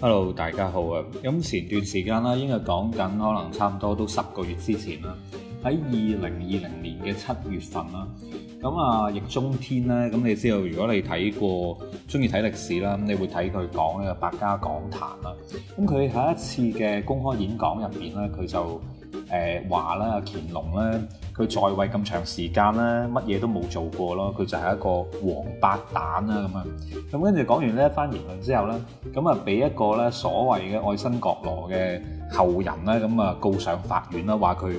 Hello，大家好啊！咁前段時間啦，應該講緊，可能差唔多都十個月之前啦，喺二零二零年嘅七月份啦。咁啊，易中天咧，咁你知道，如果你睇過，鍾意睇歷史啦，咁你會睇佢講呢個《百家講壇》啦。咁佢喺一次嘅公開演講入邊咧，佢就，誒話啦，乾隆咧，佢在位咁長時間啦，乜嘢都冇做過咯，佢就係一個王八蛋啦咁啊！咁跟住講完呢一番言論之後咧，咁啊俾一個咧所謂嘅愛新覺羅嘅後人咧，咁啊告上法院啦，話佢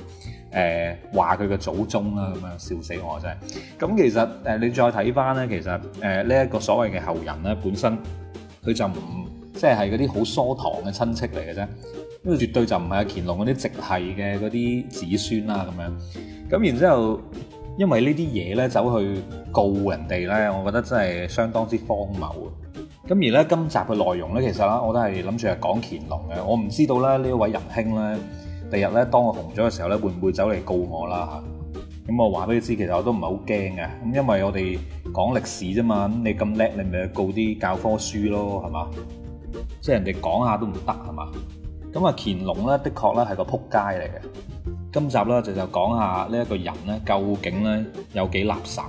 誒話佢嘅祖宗啦，咁樣笑死我真係！咁其實誒你再睇翻咧，其實誒呢一個所謂嘅後人咧，本身佢就唔即係嗰啲好疏堂嘅親戚嚟嘅啫。因為，絕對就唔係啊，乾隆嗰啲直系嘅嗰啲子孫啦，咁樣咁然之後，因為呢啲嘢咧走去告人哋咧，我覺得真係相當之荒謬嘅。咁而咧，今集嘅內容咧，其實啦，我都係諗住係講乾隆嘅。我唔知道咧呢一位仁兄咧，第日咧當我紅咗嘅時候咧，會唔會走嚟告我啦？咁我話俾你知，其實我都唔係好驚嘅。咁、嗯、因為我哋講歷史啫嘛，咁你咁叻，你咪去告啲教科書咯，係嘛？即係人哋講下都唔得，係嘛？咁啊，乾隆咧，的確咧係個撲街嚟嘅。今集咧就就講下呢一個人咧，究竟咧有幾垃圾。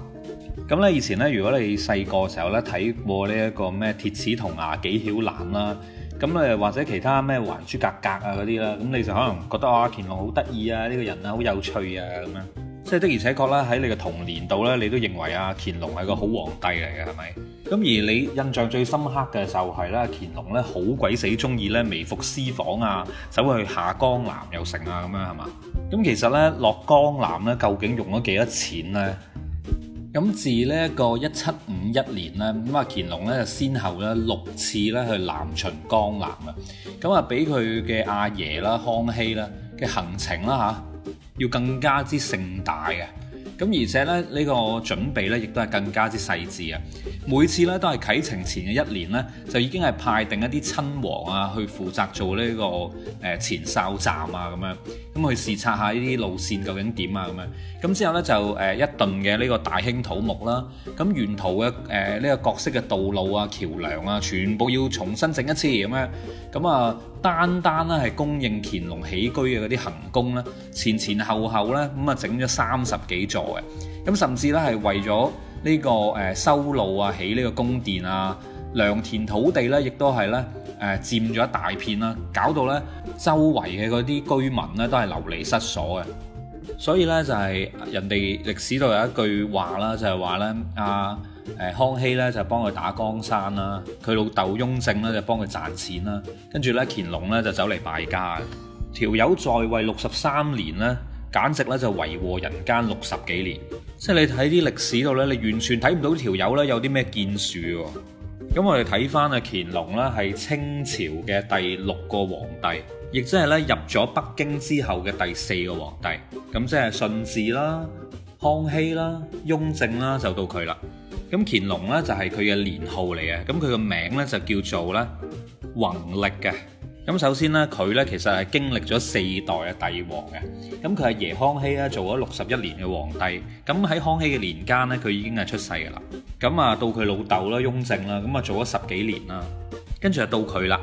咁咧以前咧，如果你細個時候咧睇過呢一個咩鐵齒銅牙紀曉嵐啦，咁咧或者其他咩還珠格格啊嗰啲啦，咁你就可能覺得啊，乾隆好得意啊，呢個人啊好有趣啊咁樣。即係的而且確啦，喺你嘅童年度咧，你都認為啊，乾隆係個好皇帝嚟嘅，係咪？咁而你印象最深刻嘅就係咧，乾隆咧好鬼死鍾意咧微服私訪啊，走去下江南又成啊，咁樣係嘛？咁其實咧落江南咧，究竟用咗幾多錢咧？咁自呢個一七五一年咧，咁啊乾隆咧就先後咧六次咧去南巡江南啊，咁啊俾佢嘅阿爺啦，康熙啦嘅行程啦嚇。要更加之盛大嘅，咁而且咧呢、呢個準備呢亦都係更加之細緻啊！每次呢都係啟程前嘅一年呢，就已經係派定一啲親王啊去負責做呢、呢個誒、呃、前哨站啊咁樣，咁去視察下呢啲路線究竟點啊咁樣。咁之後呢，就誒、呃、一頓嘅呢個大興土木啦，咁沿途嘅誒呢個各色嘅道路啊、橋梁啊，全部要重新整一次咁樣，咁啊。單單咧係供應乾隆起居嘅嗰啲行宮咧，前前後後咧咁啊整咗三十幾座嘅，咁甚至咧係為咗呢個誒修路啊、起呢個宮殿啊、良田土地咧，亦都係咧誒佔咗一大片啦，搞到呢周圍嘅嗰啲居民咧都係流離失所嘅，所以呢，就係、是、人哋歷史度有一句話啦，就係、是、話呢。啊。康熙咧就幫佢打江山啦，佢老豆雍正咧就幫佢賺錢啦，跟住呢，乾隆呢就走嚟敗家，條友在位六十三年呢，簡直呢就為禍人間六十幾年，即係你睇啲歷史度呢，你完全睇唔到條友呢有啲咩建樹。咁我哋睇翻啊，乾隆呢，係清朝嘅第六個皇帝，亦即係呢入咗北京之後嘅第四個皇帝，咁即係順治啦、康熙啦、雍正啦就到佢啦。咁乾隆咧就係佢嘅年號嚟嘅，咁佢嘅名咧就叫做咧弘歷嘅。咁首先咧，佢咧其實係經歷咗四代嘅帝王嘅。咁佢阿爺康熙咧做咗六十一年嘅皇帝。咁喺康熙嘅年間咧，佢已經係出世㗎喇。咁啊，到佢老豆啦，雍正啦，咁啊做咗十幾年啦。跟住就到佢啦。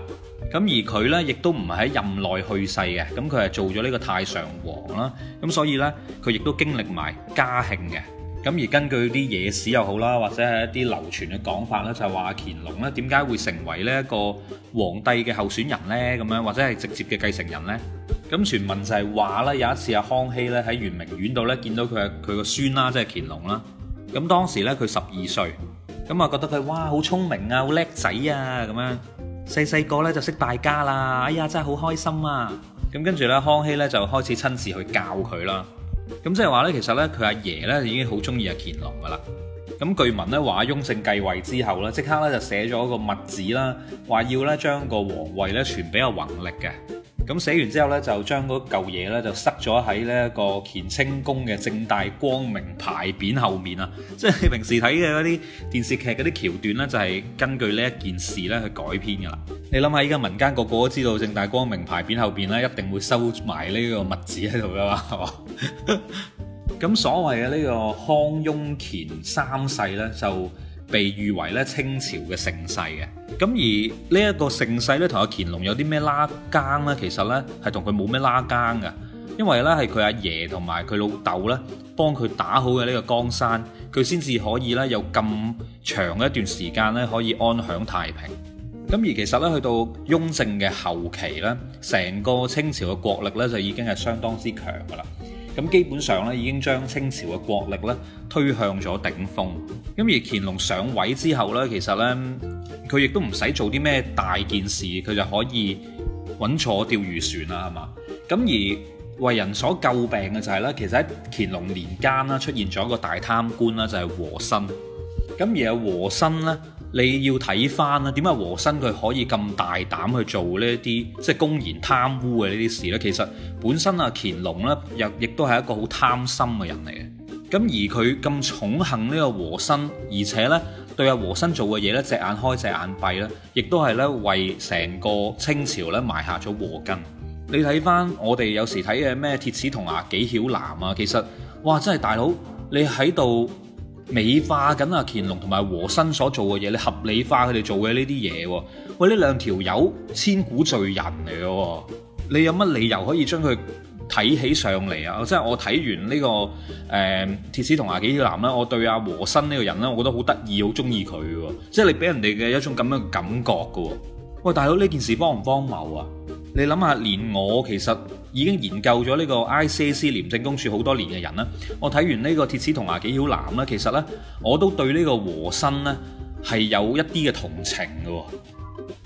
咁而佢咧，亦都唔係喺任內去世嘅。咁佢係做咗呢個太上皇啦。咁所以咧，佢亦都經歷埋嘉慶嘅。咁而根據啲野史又好啦，或者係一啲流傳嘅講法呢，就係話乾隆呢點解會成為呢一個皇帝嘅候選人呢？咁樣或者係直接嘅繼承人呢？咁傳聞就係話呢，有一次阿康熙呢喺圓明園度呢，見到佢佢個孫啦，即係乾隆啦。咁當時呢，佢十二歲，咁啊覺得佢哇好聰明啊，好叻仔啊咁樣，細細個呢就識大家啦。哎呀，真係好開心啊！咁跟住呢，康熙呢就開始親自去教佢啦。咁即係話呢，其實呢，佢阿爺呢已經好中意阿乾隆噶啦。咁據聞呢，話雍正繼位之後呢，即刻呢就寫咗個密旨啦，話要呢將個皇位呢傳俾阿弘歷嘅。咁寫完之後呢，就將嗰嚿嘢呢，就塞咗喺呢個乾清宮嘅正大光明牌匾後面啊！即係你平時睇嘅嗰啲電視劇嗰啲橋段呢，就係根據呢一件事呢去改編噶啦。你諗下，依家民間個個都知道正大光明牌匾後邊呢，一定會收埋呢個密旨喺度噶嘛？咁 所謂嘅呢個康雍乾三世呢，就被譽為咧清朝嘅盛世嘅。咁而呢一個盛世咧，同阿乾隆有啲咩拉更呢？其實呢係同佢冇咩拉更㗎，因為呢係佢阿爺同埋佢老豆呢幫佢打好嘅呢個江山，佢先至可以呢，有咁長嘅一段時間呢可以安享太平。咁而其實呢，去到雍正嘅後期呢，成個清朝嘅國力呢，就已經係相當之強㗎啦。咁基本上咧，已經將清朝嘅國力咧推向咗頂峰。咁而乾隆上位之後咧，其實咧佢亦都唔使做啲咩大件事，佢就可以穩坐釣魚船啦，係嘛？咁而為人所詬病嘅就係、是、咧，其實喺乾隆年間啦，出現咗一個大貪官啦，就係、是、和珅。咁而啊和珅咧。你要睇翻啦，點解和珅佢可以咁大膽去做呢啲即係公然貪污嘅呢啲事呢？其實本身啊，乾隆呢又亦都係一個好貪心嘅人嚟嘅。咁而佢咁寵幸呢個和珅，而且呢對阿和珅做嘅嘢呢，隻眼開隻眼閉呢，亦都係呢為成個清朝呢埋下咗禍根。你睇翻我哋有時睇嘅咩鐵齒銅牙紀曉嵐啊，其實哇真係大佬，你喺度。美化緊阿乾隆同埋和珅所做嘅嘢，你合理化佢哋做嘅呢啲嘢喎？喂，呢兩條友千古罪人嚟嘅喎，你有乜理由可以將佢睇起上嚟啊？即係我睇完呢、這個誒鐵齒銅牙紀曉嵐啦，我對阿、啊、和珅呢個人呢，我覺得好得意，好中意佢喎。即係你俾人哋嘅一種咁樣嘅感覺嘅喎。喂，大佬呢件事荒唔荒謬啊？你諗下，連我其實。已經研究咗呢個 I C A C 廉政公署好多年嘅人啦。我睇完呢個鐵齒銅牙紀曉嵐啦，其實呢，我都對呢個和珅呢係有一啲嘅同情嘅、哦。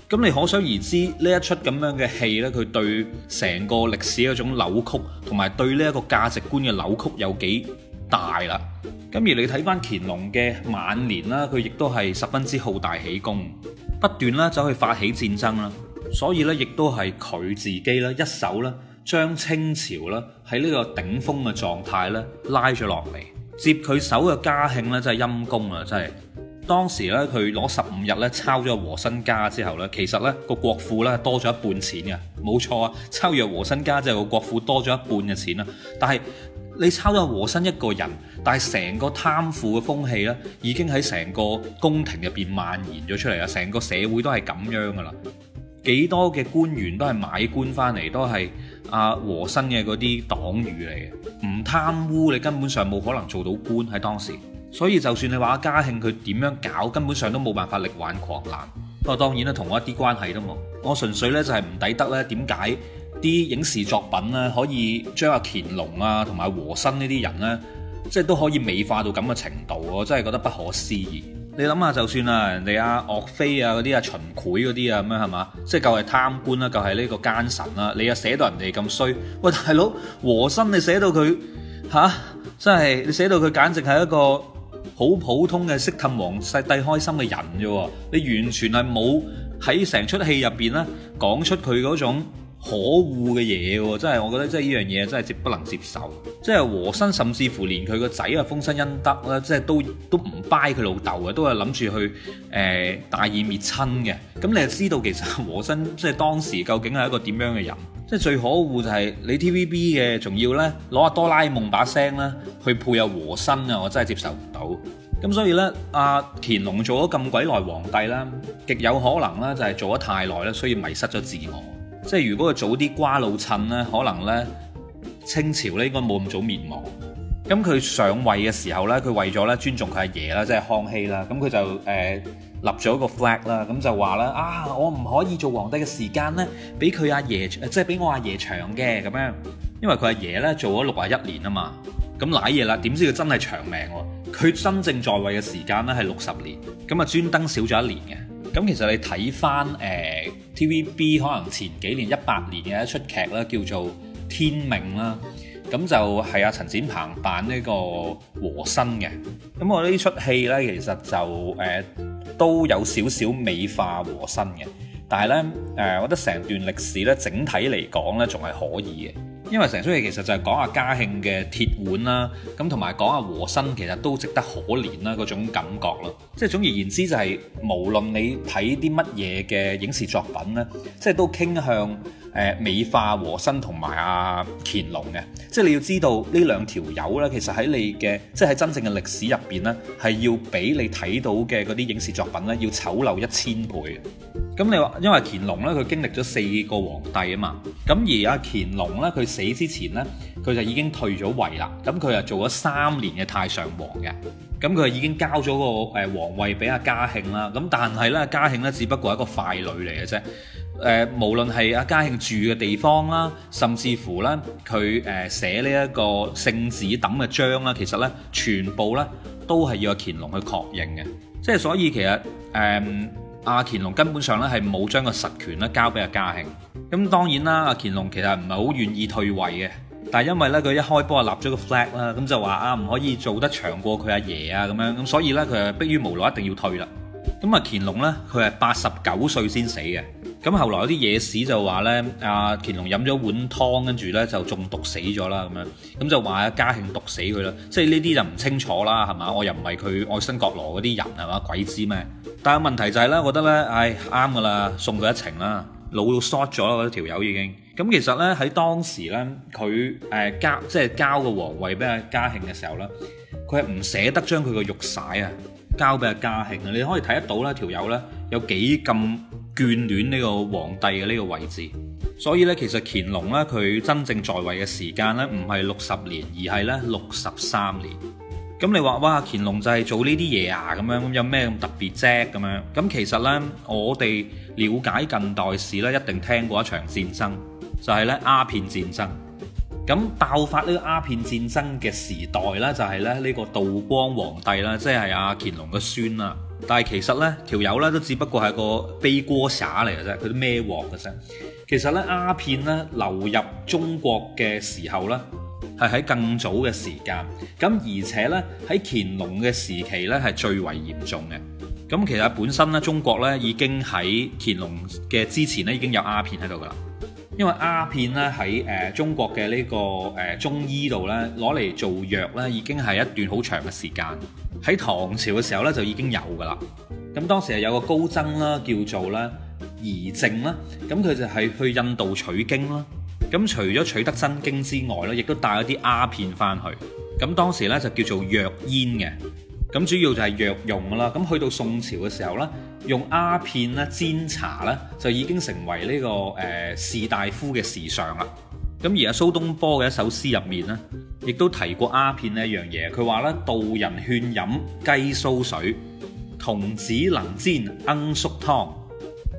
咁你可想而知呢一出咁樣嘅戲呢，佢對成個歷史嘅一種扭曲，同埋對呢一個價值觀嘅扭曲有幾大啦。咁而你睇翻乾隆嘅晚年啦，佢亦都係十分之好大喜功，不斷啦走去發起戰爭啦，所以呢，亦都係佢自己啦一手啦。將清朝咧喺呢個頂峰嘅狀態咧拉咗落嚟，接佢手嘅嘉慶咧真係陰公啊！真係當時咧佢攞十五日咧抄咗個和珅家之後咧，其實咧個國庫咧多咗一半錢嘅，冇錯啊！抄咗和珅家之後個國庫多咗一半嘅錢啦，但係你抄咗和珅一個人，但係成個貪腐嘅風氣咧已經喺成個宮廷入邊蔓延咗出嚟啊！成個社會都係咁樣噶啦，幾多嘅官員都係買官翻嚟，都係。阿、啊、和珅嘅嗰啲黨羽嚟嘅，唔貪污你根本上冇可能做到官喺當時，所以就算你話嘉慶佢點樣搞，根本上都冇辦法力挽狂瀾。不、啊、過當然啦，同我一啲關係都冇，我純粹呢，就係、是、唔抵得呢。點解啲影視作品呢可以將阿乾隆啊同埋和珅呢啲人呢，即係都可以美化到咁嘅程度，我真係覺得不可思議。你諗下就算啦、啊，人哋、啊、阿岳飛啊嗰啲啊秦檜嗰啲啊咁樣係嘛？即係夠係貪官啦、啊，夠係呢個奸臣啦、啊。你啊寫到人哋咁衰，喂大佬和珅你寫到佢吓、啊？真係你寫到佢簡直係一個好普通嘅識氹王世帝開心嘅人啫喎！你完全係冇喺成出戲入邊呢講出佢嗰種。可惡嘅嘢喎，真係我覺得真係呢樣嘢真係接不能接受。即係和珅，甚至乎連佢個仔啊，豐紳殷德咧，即係都都唔掰佢老豆啊，都係諗住去誒、呃、大義滅親嘅。咁你就知道其實和珅即係當時究竟係一個點樣嘅人？即係最可惡就係你 TVB 嘅仲要咧攞阿哆啦 A 夢把聲咧去配阿和珅啊，我真係接受唔到。咁所以呢，阿、啊、乾隆做咗咁鬼耐皇帝啦，極有可能呢就係做咗太耐啦，所以迷失咗自我。即係如果佢早啲瓜老襯咧，可能咧清朝咧應該冇咁早滅亡。咁、嗯、佢上位嘅時候咧，佢為咗咧尊重佢阿爺啦，即係康熙啦，咁、嗯、佢就誒、呃、立咗一個 flag 啦、嗯，咁就話啦：啊，我唔可以做皇帝嘅時間咧，比佢阿爺，呃、即係比我阿爺長嘅咁樣。因為佢阿爺咧做咗六十一年啊嘛，咁瀨嘢啦，點知佢真係長命喎、啊？佢真正在位嘅時間咧係六十年，咁啊專登少咗一年嘅、啊。咁其實你睇翻誒 TVB 可能前幾年一八年嘅一出劇啦，叫做《天命》啦，咁就係阿陳展鵬扮呢個和珅嘅。咁我呢出戲呢，其實就誒、呃、都有少少美化和珅嘅，但係呢，誒、呃，我覺得成段歷史呢，整體嚟講呢，仲係可以嘅。因為成出戲其實就係講下嘉慶嘅鐵腕啦，咁同埋講下和珅其實都值得可憐啦，嗰種感覺啦，即係總而言之就係、是、無論你睇啲乜嘢嘅影視作品呢，即係都傾向美化和珅同埋阿乾隆嘅，即係你要知道呢兩條友呢，其實喺你嘅即係喺真正嘅歷史入邊呢，係要比你睇到嘅嗰啲影視作品呢要醜陋一千倍。咁你話，因為乾隆呢，佢經歷咗四個皇帝啊嘛，咁而阿乾隆呢，佢死之前呢，佢就已經退咗位啦。咁佢又做咗三年嘅太上皇嘅，咁佢已經交咗個誒皇位俾阿嘉慶啦。咁但係呢，嘉慶呢，只不過係一個傀儡嚟嘅啫。誒，無論係阿嘉慶住嘅地方啦，甚至乎呢，佢誒寫呢一個聖旨等嘅章啦，其實呢，全部呢，都係要阿乾隆去確認嘅。即係所以其實誒，阿、嗯、乾隆根本上呢，係冇將個實權咧交俾阿嘉慶。咁當然啦，阿乾隆其實唔係好願意退位嘅，但係因為呢，佢一開波啊立咗個 flag 啦，咁就話啊唔可以做得長過佢阿爺啊咁樣，咁所以呢，佢係逼於無奈一定要退啦。咁啊，乾隆呢，佢係八十九歲先死嘅。咁後來有啲野史就話呢，阿、啊、乾隆飲咗碗湯，跟住呢就中毒死咗啦，咁樣咁就話阿嘉慶毒死佢啦。即係呢啲就唔清楚啦，係嘛？我又唔係佢愛新覺羅嗰啲人，係嘛？鬼知咩？但係問題就係、是、呢，我覺得呢，唉、哎，啱噶啦，送佢一程啦，老到 shot 咗啦，條友已經。咁其實呢，喺當時呢，佢誒、呃、交即係交個皇位俾阿嘉慶嘅時候呢，佢係唔捨得將佢個玉璽啊，交俾阿嘉慶啊。你可以睇得到呢條友呢，有幾咁，眷戀呢個皇帝嘅呢個位置，所以呢，其實乾隆呢，佢真正在位嘅時間呢，唔係六十年，而係呢六十三年。咁你話哇，乾隆就係做呢啲嘢啊，咁樣咁有咩咁特別啫？咁樣咁其實呢，我哋了解近代史呢，一定聽過一場戰爭，就係呢，鴉片戰爭。咁爆發呢個鴉片戰爭嘅時代呢，就係咧呢個道光皇帝啦，即係阿乾隆嘅孫啊。但係其實呢條友呢，這個、都只不過係個悲背鍋耍嚟嘅啫，佢都咩鑊嘅啫。其實呢，鴉片呢流入中國嘅時候呢，係喺更早嘅時間，咁而且呢，喺乾隆嘅時期呢，係最為嚴重嘅。咁、嗯、其實本身呢，中國呢已經喺乾隆嘅之前呢，已經有鴉片喺度噶啦。因為鴉片咧喺誒中國嘅呢個誒中醫度咧攞嚟做藥咧已經係一段好長嘅時間，喺唐朝嘅時候咧就已經有㗎啦。咁當時係有個高僧啦，叫做咧義淨啦，咁佢就係去印度取經啦。咁除咗取得真經之外咧，亦都帶咗啲鴉片翻去。咁當時咧就叫做藥煙嘅，咁主要就係藥用㗎啦。咁去到宋朝嘅時候咧。用鴉片咧煎茶咧，就已經成為呢、這個誒、呃、士大夫嘅時尚啦。咁而喺蘇東坡嘅一首詩入面咧，亦都提過鴉片呢一樣嘢。佢話咧：道人勸飲雞蘇水，童子能煎罌粟湯。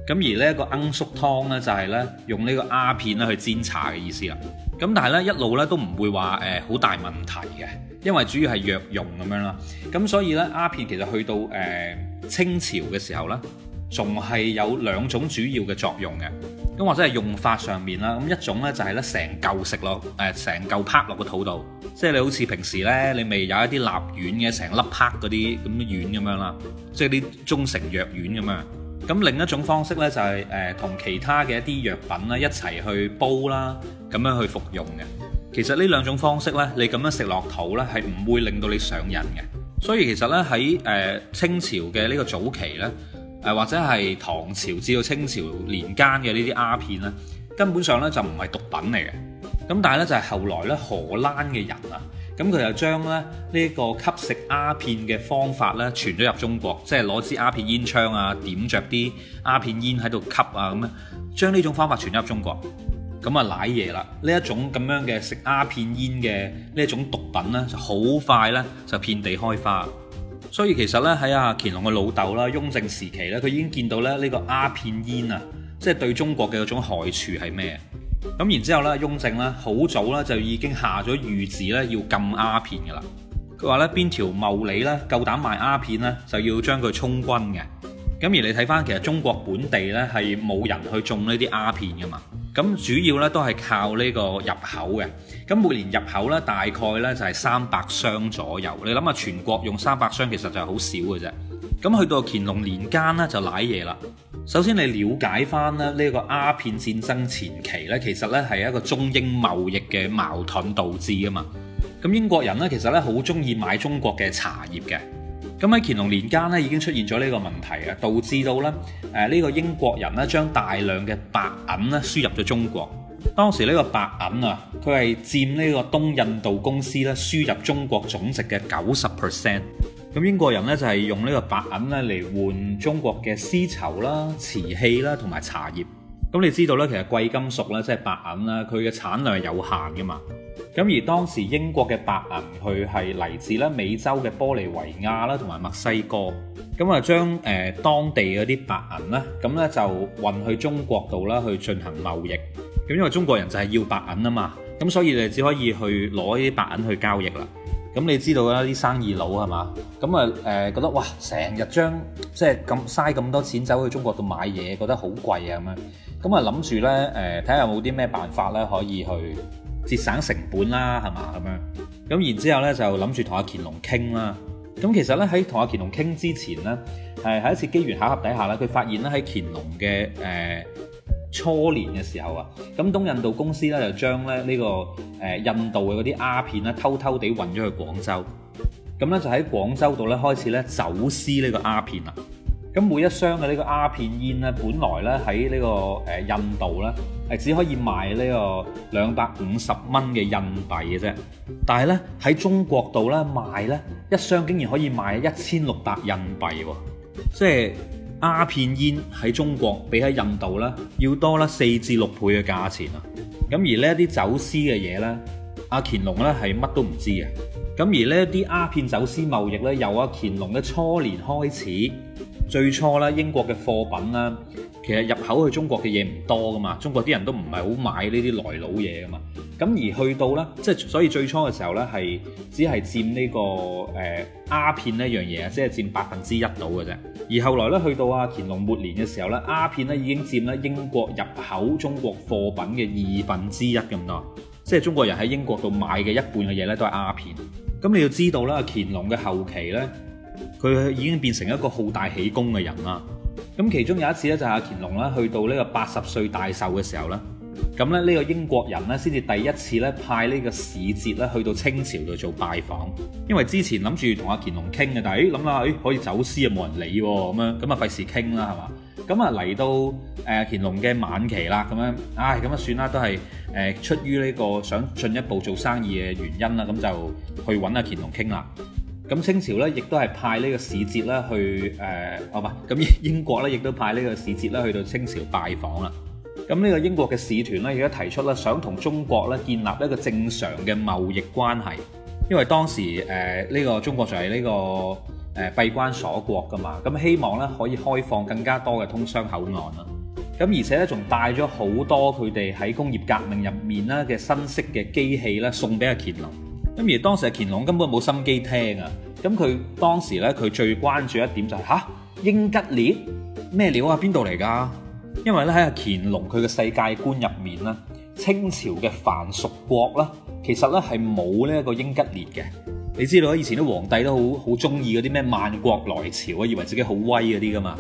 咁而呢一個罌粟湯咧，就係咧用呢個鴉片咧去煎茶嘅意思啊。咁但係咧一路咧都唔會話誒好大問題嘅，因為主要係藥用咁樣啦。咁所以咧鴉片其實去到誒、呃、清朝嘅時候咧，仲係有兩種主要嘅作用嘅。咁或者係用法上面啦，咁一種咧就係咧成嚿食落，誒成嚿啪落個肚度，即係你好似平時咧你咪有一啲蠟丸嘅，成粒啪嗰啲咁嘅丸咁樣啦，即係啲中成藥丸咁樣。咁另一種方式呢，就係誒同其他嘅一啲藥品咧一齊去煲啦，咁樣去服用嘅。其實呢兩種方式呢，你咁樣食落肚呢，係唔會令到你上癮嘅。所以其實呢，喺誒清朝嘅呢個早期呢，誒或者係唐朝至到清朝年間嘅呢啲鴉片呢，根本上呢，就唔係毒品嚟嘅。咁但係呢，就係後來呢，荷蘭嘅人啊。咁佢就將咧呢個吸食鴉片嘅方法咧傳咗入中國，即係攞支鴉片煙槍啊，點着啲鴉片煙喺度吸啊咁樣，將呢種方法傳入中國，咁啊瀨嘢啦！呢一種咁樣嘅食鴉片煙嘅呢一種毒品咧，就好快咧就遍地開花。所以其實咧喺阿乾隆嘅老豆啦，雍正時期咧，佢已經見到咧呢個鴉片煙啊，即係對中國嘅嗰種害處係咩？咁然之後咧，雍正咧好早咧就已經下咗御旨咧，要禁鴉片㗎喇。佢話咧，邊條茂利啦，夠膽賣鴉片咧，就要將佢充軍嘅。咁而你睇翻，其實中國本地咧係冇人去種呢啲鴉片㗎嘛。咁主要咧都係靠呢個入口嘅。咁每年入口咧大概咧就係三百箱左右。你諗下，全國用三百箱，其實就係好少嘅啫。咁去到乾隆年間咧，就瀨嘢啦。首先，你了解翻咧呢個鴉片戰爭前期呢，其實呢係一個中英貿易嘅矛盾導致㗎嘛。咁英國人呢，其實呢好中意買中國嘅茶葉嘅。咁喺乾隆年間呢，已經出現咗呢個問題啊，導致到咧誒呢個英國人呢，將大量嘅白銀咧輸入咗中國。當時呢個白銀啊，佢係佔呢個東印度公司咧輸入中國總值嘅九十 percent。咁英國人咧就係用呢個白銀咧嚟換中國嘅絲綢啦、瓷器啦同埋茶葉。咁你知道咧，其實貴金屬咧即係白銀啦，佢嘅產量有限嘅嘛。咁而當時英國嘅白銀佢係嚟自咧美洲嘅玻利維亞啦同埋墨西哥。咁啊將誒當地嗰啲白銀啦，咁呢就運去中國度啦去進行貿易。咁因為中國人就係要白銀啊嘛，咁所以你只可以去攞啲白銀去交易啦。咁你知道啦，啲生意佬係嘛？咁啊誒覺得哇，成日將即係咁嘥咁多錢走去中國度買嘢，覺得好貴啊咁樣。咁啊諗住呢，誒、呃，睇下有冇啲咩辦法呢可以去節省成本啦，係嘛咁樣。咁然之後呢，就諗住同阿乾隆傾啦。咁、啊、其實呢，喺同阿乾隆傾之前呢，係、呃、喺一次機緣巧合底下呢，佢發現呢，喺乾隆嘅誒。呃初年嘅時候啊，咁東印度公司咧就將咧呢個誒印度嘅嗰啲鴉片咧偷偷地運咗去廣州，咁咧就喺廣州度咧開始咧走私呢個鴉片啊。咁每一箱嘅呢個鴉片煙咧，本來咧喺呢個誒印度咧係只可以賣呢個兩百五十蚊嘅印幣嘅啫，但係咧喺中國度咧賣咧一箱竟然可以賣一千六百印幣喎，即係。鴉片煙喺中國比喺印度咧要多啦四至六倍嘅價錢啊！咁而呢啲走私嘅嘢呢，阿、啊、乾隆呢係乜都唔知啊。咁而呢啲鴉片走私貿易呢，由阿、啊、乾隆嘅初年開始。最初咧，英國嘅貨品咧，其實入口去中國嘅嘢唔多噶嘛，中國啲人都唔係好買呢啲來佬嘢噶嘛。咁而去到呢，即係所以最初嘅時候呢，係只係佔呢個誒鴉片呢樣嘢，即係佔百分之一到嘅啫。而後來呢，去到啊乾隆末年嘅時候呢，鴉片咧已經佔咧英國入口中國貨品嘅二分之一咁多，即係中國人喺英國度買嘅一半嘅嘢呢，都係鴉片。咁你要知道啦，乾隆嘅後期呢。佢已經變成一個好大喜功嘅人啦。咁其中有一次咧，就係阿乾隆啦，去到呢個八十歲大壽嘅時候咧，咁咧呢個英國人咧先至第一次咧派呢個使節咧去到清朝度做拜訪，因為之前諗住同阿乾隆傾嘅，但係誒諗下誒可以走私又冇人理喎，咁樣咁啊費事傾啦，係嘛？咁啊嚟到誒乾隆嘅晚期啦，咁樣唉咁啊算啦，都係誒出於呢個想進一步做生意嘅原因啦，咁就去揾阿乾隆傾啦。咁清朝咧，亦都係派呢個使節咧去誒，唔係，咁英國咧，亦都派呢個使節咧去到清朝拜訪啦。咁呢個英國嘅使團咧，亦都提出咧，想同中國咧建立一個正常嘅貿易關係。因為當時誒呢個中國就係呢個誒閉關鎖國噶嘛，咁希望咧可以開放更加多嘅通商口岸啦。咁而且咧仲帶咗好多佢哋喺工業革命入面啦嘅新式嘅機器啦，送俾阿乾隆。咁而當時係乾隆根本冇心機聽啊！咁佢當時咧，佢最關注一點就係、是、嚇、啊、英吉列咩料啊？邊度嚟㗎？因為咧喺乾隆佢嘅世界觀入面咧，清朝嘅凡屬國咧，其實咧係冇呢一個英吉列嘅。你知道以前啲皇帝都好好中意嗰啲咩萬國來朝啊，以為自己好威嗰啲㗎嘛。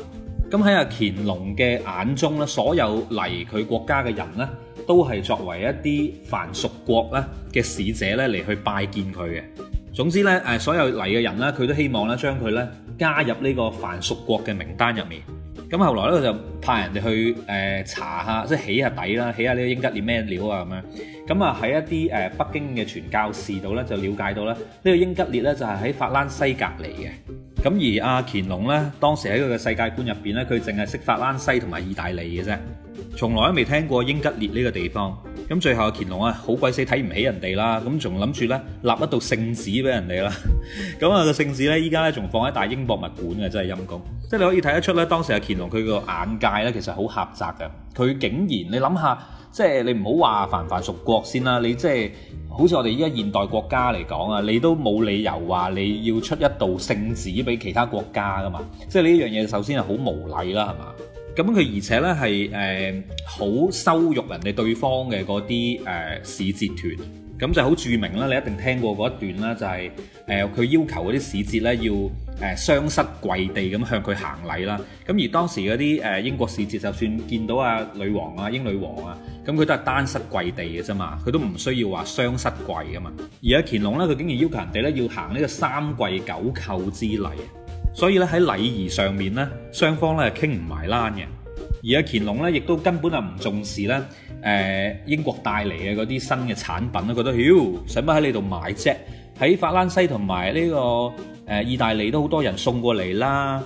咁喺阿乾隆嘅眼中咧，所有嚟佢國家嘅人咧，都係作為一啲藩屬國咧嘅使者咧嚟去拜見佢嘅。總之咧，誒所有嚟嘅人咧，佢都希望咧將佢咧加入呢個藩屬國嘅名單入面。咁後來咧，佢就派人哋去誒、呃、查下，即係起下底啦，起下呢個英格列咩料啊咁樣。咁啊喺一啲誒北京嘅傳教士度咧，就了解到咧，呢、這個英格列咧就係喺法蘭西隔籬嘅。咁而阿乾隆呢，當時喺佢嘅世界觀入邊呢，佢淨係識法蘭西同埋意大利嘅啫，從來都未聽過英吉列呢個地方。咁最後阿乾隆啊，好鬼死睇唔起人哋啦，咁仲諗住呢立一道聖旨俾人哋啦。咁啊，個聖旨呢，依家呢仲放喺大英博物館嘅，真係陰公。即係你可以睇得出呢，當時阿乾隆佢個眼界呢，其實好狹窄嘅。佢竟然你諗下。即係你唔好話凡凡屬國先啦，你即係好似我哋依家現代國家嚟講啊，你都冇理由話你要出一道聖旨俾其他國家㗎嘛？即係呢樣嘢首先係好無禮啦，係嘛？咁佢而且呢係誒好羞辱人哋對方嘅嗰啲誒使節團。咁就好著名啦，你一定聽過嗰一段啦，就係誒佢要求嗰啲使節咧要誒、呃、雙膝跪地咁向佢行禮啦。咁而當時嗰啲誒英國使節，就算見到啊女王啊英女王啊，咁佢都係單膝跪地嘅啫嘛，佢都唔需要話雙膝跪噶嘛。而阿乾隆咧，佢竟然要求人哋咧要行呢個三跪九叩之禮，所以咧喺禮儀上面咧，雙方咧傾唔埋欄嘅。而阿乾隆咧，亦都根本就唔重視咧。誒、呃、英國帶嚟嘅嗰啲新嘅產品咧，覺得㖕使乜喺你度買啫？喺法蘭西同埋呢個誒、呃、意大利都好多人送過嚟啦。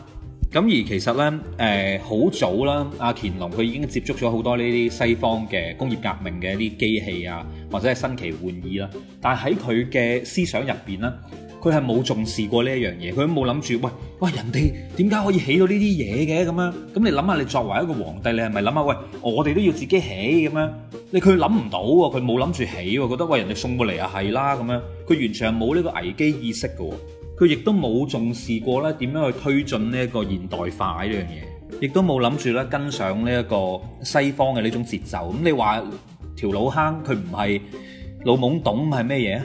咁而其實呢，誒、呃、好早啦，阿、啊、乾隆佢已經接觸咗好多呢啲西方嘅工業革命嘅一啲機器啊，或者係新奇玩意啦。但喺佢嘅思想入邊呢。佢係冇重視過呢一樣嘢，佢都冇諗住，喂喂人哋點解可以起到呢啲嘢嘅咁樣？咁你諗下，你作為一個皇帝，你係咪諗下，喂我哋都要自己起咁樣？你佢諗唔到喎，佢冇諗住起喎，覺得喂人哋送過嚟呀係啦咁樣，佢完全係冇呢個危機意識嘅喎，佢亦都冇重視過咧點樣去推進呢一個現代化呢樣嘢，亦都冇諗住咧跟上呢一個西方嘅呢種節奏。咁你話條老坑，佢唔係老懵懂係咩嘢啊？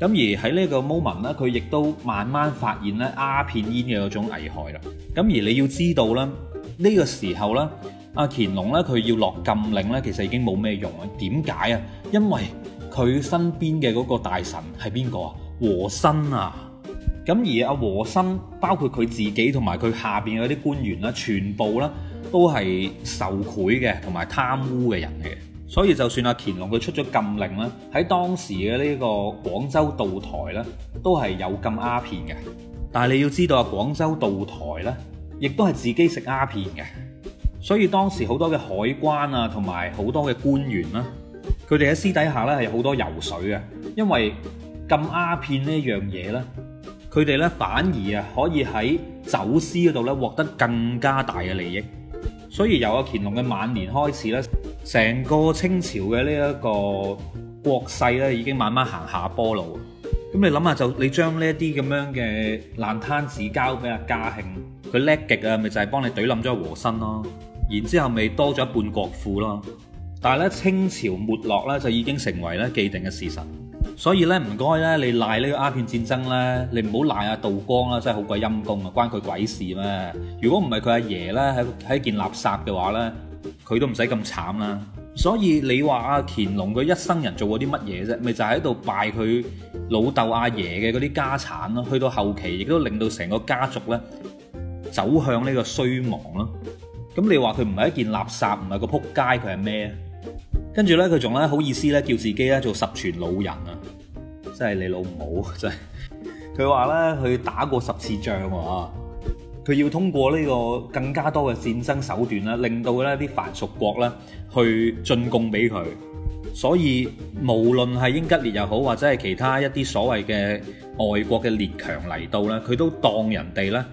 咁而喺呢個 moment 咧，佢亦都慢慢發現呢鴉片煙嘅嗰種危害啦。咁而你要知道呢，呢個時候呢，阿乾隆呢，佢要落禁令呢，其實已經冇咩用啊。點解啊？因為佢身邊嘅嗰個大臣係邊個啊？和珅啊。咁而阿和珅，包括佢自己同埋佢下邊嗰啲官員呢，全部呢都係受賄嘅同埋貪污嘅人嚟嘅。所以就算阿乾隆佢出咗禁令啦，喺當時嘅呢個廣州道台咧，都係有禁鴉片嘅。但係你要知道啊，廣州道台咧，亦都係自己食鴉片嘅。所以當時好多嘅海關啊，同埋好多嘅官員啦，佢哋喺私底下咧係好多游水啊，因為禁鴉片呢樣嘢咧，佢哋咧反而啊可以喺走私嗰度咧獲得更加大嘅利益。所以由阿乾隆嘅晚年開始咧。成個清朝嘅呢一個國勢咧，已經慢慢行下坡路。咁你諗下就，你將呢一啲咁樣嘅爛攤子交俾阿嘉慶，佢叻極啊，咪就係、是、幫你懟冧咗和珅咯。然之後咪多咗一半國庫咯。但係咧，清朝沒落咧就已經成為咧既定嘅事實。所以咧，唔該咧，你賴呢個鴉片戰爭咧，你唔好賴阿道光啦，真係好鬼陰公啊，關佢鬼事咩？如果唔係佢阿爺咧，喺喺件垃圾嘅話咧。佢都唔使咁慘啦，所以你話阿乾隆佢一生人做過啲乜嘢啫？咪就喺度拜佢老豆阿爺嘅嗰啲家產咯，去到後期亦都令到成個家族咧走向呢個衰亡咯。咁你話佢唔係一件垃圾，唔係個撲街，佢係咩？跟住呢，佢仲咧好意思咧叫自己咧做十全老人啊，真係你老母，真係。佢話呢，佢打過十次仗啊。佢要通過呢個更加多嘅戰爭手段啦，令到呢啲藩屬國呢去進貢俾佢。所以無論係英吉利又好，或者係其他一啲所謂嘅外國嘅列強嚟到呢，佢都當人哋呢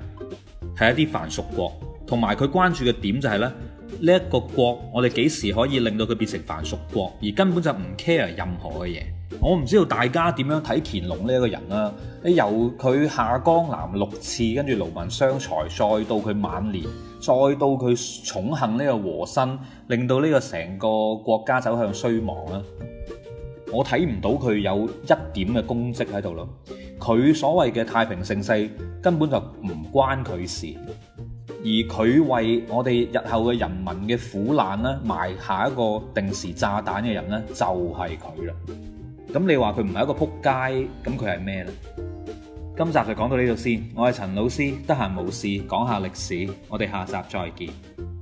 係一啲藩屬國。同埋佢關注嘅點就係呢：呢一個國，我哋幾時可以令到佢變成藩屬國，而根本就唔 care 任何嘅嘢。我唔知道大家點樣睇乾隆呢一個人啦、啊。由佢下江南六次，跟住勞民傷財，再到佢晚年，再到佢寵幸呢個和珅，令到呢個成個國家走向衰亡啦。我睇唔到佢有一點嘅功績喺度咯。佢所謂嘅太平盛世根本就唔關佢事，而佢為我哋日後嘅人民嘅苦難呢、啊，埋下一個定時炸彈嘅人呢、啊，就係佢啦。咁你話佢唔係一個仆街，咁佢係咩咧？今集就講到呢度先，我係陳老師，得閒無事講下歷史，我哋下集再見。